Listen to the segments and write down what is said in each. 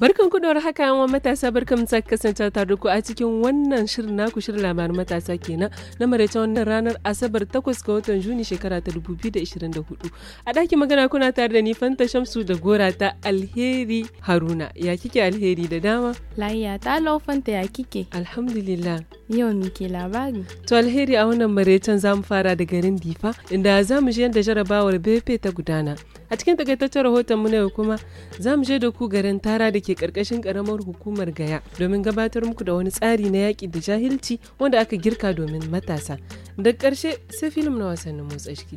Barkan ku da haka wa matasa barkan ta kasance tare ku a cikin wannan shirin naku shirin labarin matasa kenan na maraice wannan ranar Asabar 8 ga watan Juni shekara ta 2024. A ɗakin magana kuna tare da ni Fanta Shamsu da gora ta Alheri Haruna. Ya kike Alheri da dama? Layya ta lo Fanta ya kike? Alhamdulillah. Yau mi ke labari? To Alheri a wannan maraicen zamu fara da garin Difa inda za mu ji yadda jarabawar Bepe ta gudana. A cikin takaitaccen rahoton mu na yau kuma za mu je da ku garin Tara da ke karkashin karamar hukumar Gaya domin gabatar muku da wani tsari na yaƙi da jahilci wanda aka girka domin matasa. Da ƙarshe sai filim na wasannin motsa jiki.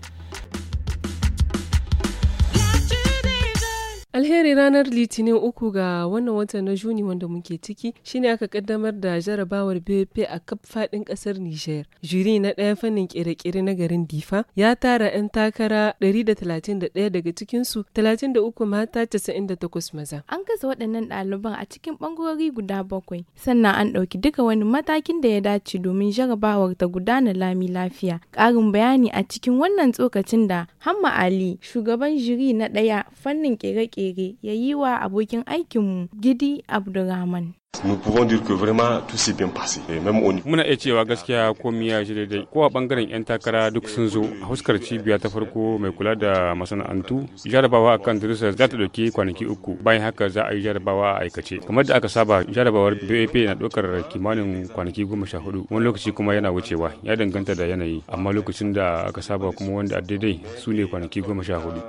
alheri ranar litinin uku ga wannan watan na juni wanda muke ciki shine aka kaddamar da jarabawar bp a kaf fadin kasar niger jiri na ɗaya fannin kere-kere na garin difa ya tara 'yan takara 131 daga cikinsu 33 mata 98 maza an kasa waɗannan ɗaliban a cikin ɓangarori guda bakwai sannan an ɗauki duka wani matakin da ya dace domin jarabawar ta gudana lami lafiya ƙarin bayani a cikin wannan tsokacin da hamma ali shugaban jiri na ɗaya fannin kere-kere Agege ya yi wa abokin aikinmu Gidi abdurrahman Muna iya cewa gaskiya komai ya shi daidai. a bangaren 'yan takara duk sun zo a huskar cibiya ta farko mai kula da masana'antu. Jarabawa a kan darussa za ta dauki kwanaki uku bayan haka za a yi jarabawa a aikace. Kamar da aka saba jarabawar BAP na dokar kimanin kwanaki goma sha hudu wani lokaci kuma yana wucewa ya danganta da yanayi amma lokacin da aka saba kuma wanda a daidai su ne kwanaki goma sha hudu.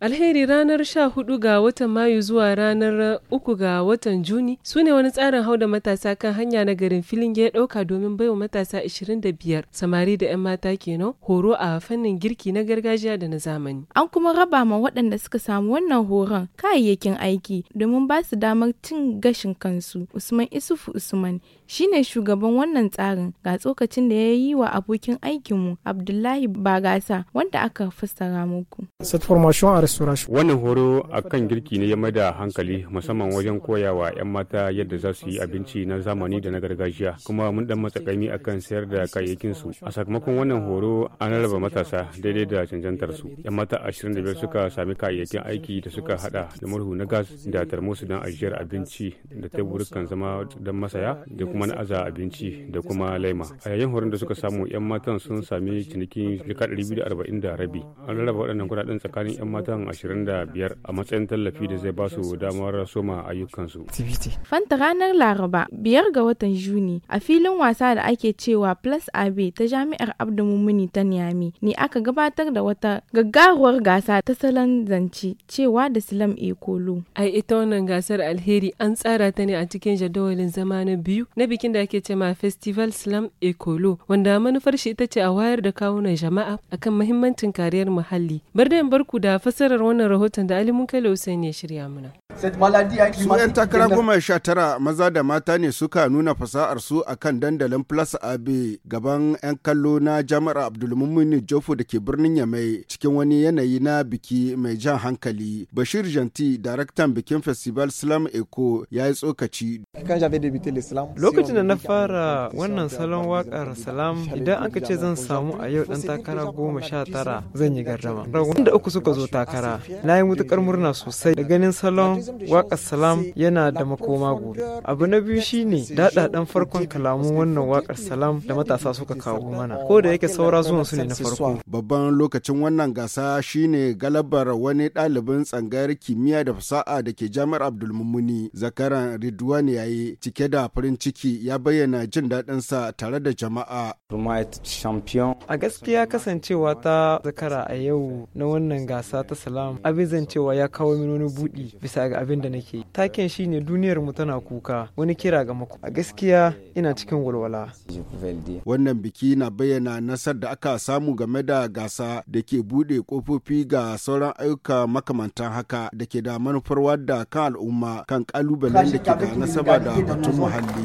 Alheri ranar sha hudu ga watan Mayu zuwa ranar uku ga watan Juni su ne wani tsarin hau da matasa kan hanya na garin filin ya ɗauka domin baiwa matasa 25 samari da 'yan mata kenan horo a fannin girki na gargajiya da na zamani. An kuma raba ma waɗanda suka samu wannan horon kayayyakin aiki domin ba su damar cin gashin kansu. Usman Isufu Usman shine shugaban wannan tsarin ga tsokacin da ya yi wa abokin aikinmu Abdullahi Bagasa wanda aka fassara muku. Wannan horo akan girki ne ya maida hankali musamman wajen koyawa 'yan mata yara yadda za su yi abinci na zamani da na gargajiya kuma mun dan matsakami akan sayar da kayayyakin su a sakamakon wannan horo an raba matasa daidai da cancantar su yan mata 25 suka sami kayayyakin aiki da suka hada da murhu na gas da tarmusu don ajiyar abinci da teburukan zama don masaya da kuma na aza abinci da kuma laima a yayin horon da suka samu yan matan sun sami cinikin jika 240 da rabi an raba waɗannan kuɗaɗen tsakanin yan matan biyar a matsayin tallafi da zai ba su damar soma ayyukansu Fanta ranar Laraba biyar ga watan Juni a filin wasa da ake cewa Plus AB ta Jami'ar Abdu mumini ta Niami ne aka gabatar da wata gaggaruwar gasa ta salon zance cewa da Silam Ekolo. Ai ita wannan gasar alheri an tsara ta ne a cikin jadawalin zama na biyu na bikin da ake cema Festival Slam Ekolo wanda manufar shi ita ce a wayar da kawunan jama'a akan mahimmancin kariyar muhalli. Bardayan barku da fasarar wannan rahoton da Ali Munkale Hussein ya shirya mana. Su 'yan takara tara maza da mata ne suka nuna fasa'ar su a kan dandalin Plus Abe gaban 'yan kallo na Jami'ar Abdulmumini Jofo da ke birnin Yamai cikin wani yanayi na biki mai jan hankali. Bashir Janti, daraktan bikin Festival Slam Eco ya yi tsokaci Lokacin da na fara wannan salon wakar salam idan aka ce zan samu a yau dan takara goma sha tara zan yi gardama. Ragun da uku suka zo takara na yi mutukar murna sosai da ganin salon wakar salam yana da makoma gobe. Abu na biyu shine daɗaɗan farkon kalamun wannan wakar salam da matasa suka kawo mana ko da yake saura zuwan su ne na farko. Babban lokacin wannan gasa shine galabar wani ɗalibin tsangayar kimiyya da fasaha da ke jami'ar Abdulmumuni zakaran Ridwani ya yi cike da farin ciki ya bayyana jin daɗinsa tare da jama'a. A gaskiya kasancewa ta zakara a yau na wannan gasa ta salam abin zancewa ya kawo min wani buɗi bisa ga abin da nake. Taken shi ne duniyar mu tana kuka wani kira ga mako. A gaskiya ina cikin walwala. Wannan biki na bayyana nasar da aka samu game da gasa da ke buɗe kofofi ga sauran ayyuka makamantan haka da ke da manufar wadda kan al'umma kan kalubalen da ke da nasaba saba da batun muhalli.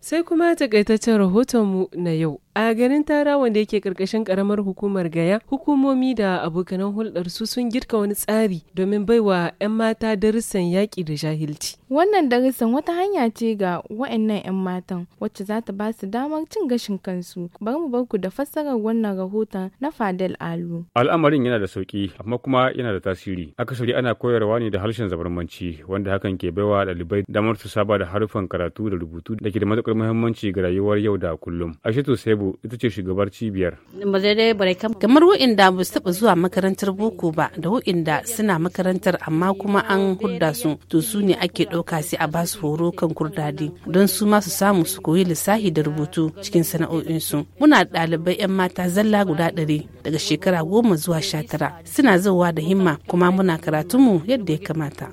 Sai kuma takaitaccen rahotonmu na yau. A garin Tara wanda yake karkashin karamar hukumar Gaya, hukumomi da abokanan hulɗar su sun girka wani tsari domin baiwa 'yan mata darussan yaƙi da jahilci. Wannan darussan wata hanya ce ga wa'annan 'yan matan wacce za ta ba su damar cin gashin kansu. Bari mu barku da fassarar wannan rahoton na Fadel Alu. Al'amarin yana da sauki amma kuma yana da tasiri. Akasari ana koyarwa ne da harshen zabarmanci wanda hakan ke baiwa ɗalibai damar su saba da harufan karatu da rubutu da ke da matuƙar muhimmanci ga rayuwar yau da kullum. to sai boko ita ce shugabar cibiyar. Kamar wa'inda ba su taɓa zuwa makarantar boko ba da wa'inda suna makarantar amma kuma an hudda su to su ne ake ɗauka sai a ba su horo kan kurdadi don su ma su samu su koyi lissahi da rubutu cikin sana'o'insu. Muna ɗalibai 'yan mata zalla guda ɗari daga shekara goma zuwa sha tara suna zuwa da himma kuma muna karatunmu yadda ya kamata.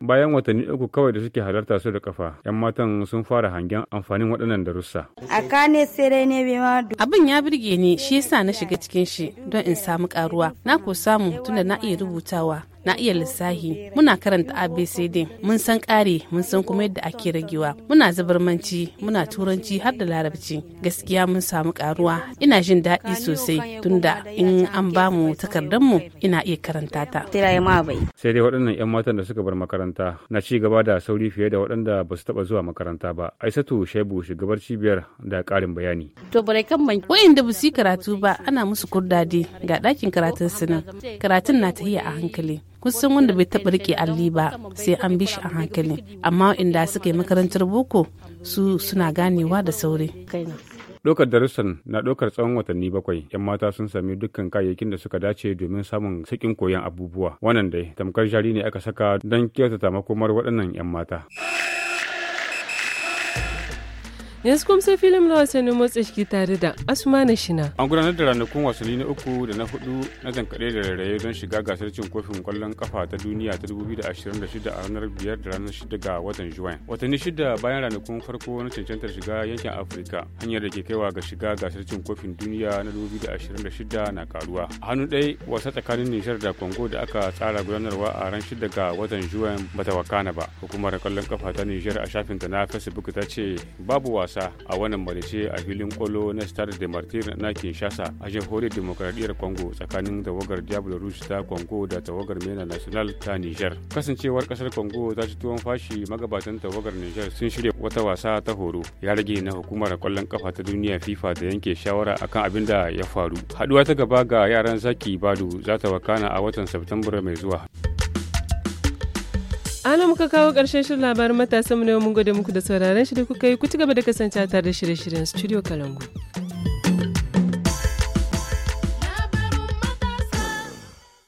Bayan watanni uku kawai da suke halarta su da kafa 'yan matan sun fara hangen amfanin waɗannan darussa. A kane sai Abin ya birge ni shi yasa na shiga cikin shi don in samu karuwa. Na ko samu tunda na iya rubutawa. na iya lissahi muna karanta abcd mun san kare mun san kuma yadda ake ragewa muna zabarmanci muna turanci har da larabci gaskiya mun samu karuwa ina jin daɗi sosai tunda in an ba mu ina iya karanta ta sai dai waɗannan 'yan matan da suka bar makaranta na ci gaba da sauri fiye da waɗanda ba su taɓa zuwa makaranta ba aisatu shaibu shugabar cibiyar da ƙarin bayani to bare kan man da ba su karatu ba ana musu kurdadi ga dakin karatun sinan karatun na tahiya a hankali kun san wanda bai taɓa rike alli ba sai an bi shi a hankali amma inda suka yi makarantar boko su suna ganewa da sauri dokar darussan na ɗaukar tsawon watanni bakwai, ‘yan mata sun sami dukkan kayayyakin da suka dace domin samun sakin koyon abubuwa. Wannan dai, tamkar jari ne aka saka don kyautata makomar waɗannan ‘yan mata. Yanzu kuma sai filin na wasannin motsa jiki tare da Asmana Shina. An gudanar da ranakun wasanni na uku da na hudu na zankaɗe da rairaye don shiga gasar cin kofin kwallon kafa ta duniya ta 2026 a ranar biyar da ranar shida ga watan Juwan. Watanni shida bayan ranakun farko na cancantar shiga yankin Afirka hanyar da ke kaiwa ga shiga gasar cin kofin duniya na 2026 na karuwa. A hannu ɗaya wasa tsakanin Nijar da Congo da aka tsara gudanarwa a ran shida ga watan Juwan bata wakana ba. Hukumar kwallon kafa ta Nijar a shafinta na Facebook ta ce babu wasa matasa a wannan marice a filin kwallo na star de martir na kinshasa a jamhuriyar demokradiyyar congo tsakanin tawagar diablo rouge ta congo da tawagar mena national ta niger kasancewar kasar congo ta su tuwon fashi magabatan tawagar niger sun shirya wata wasa ta horo ya rage na hukumar kwallon kafa ta duniya fifa da yanke shawara akan abin da ya faru haduwa ta gaba ga yaran zaki badu za ta wakana a watan september mai zuwa ana muka kawo ƙarshen shirin labarin matasan mu na yau mun gode muku da sauraron shi da kuka yi ku ci gaba da kasancewa tare da shirye-shiryen studio kalangu.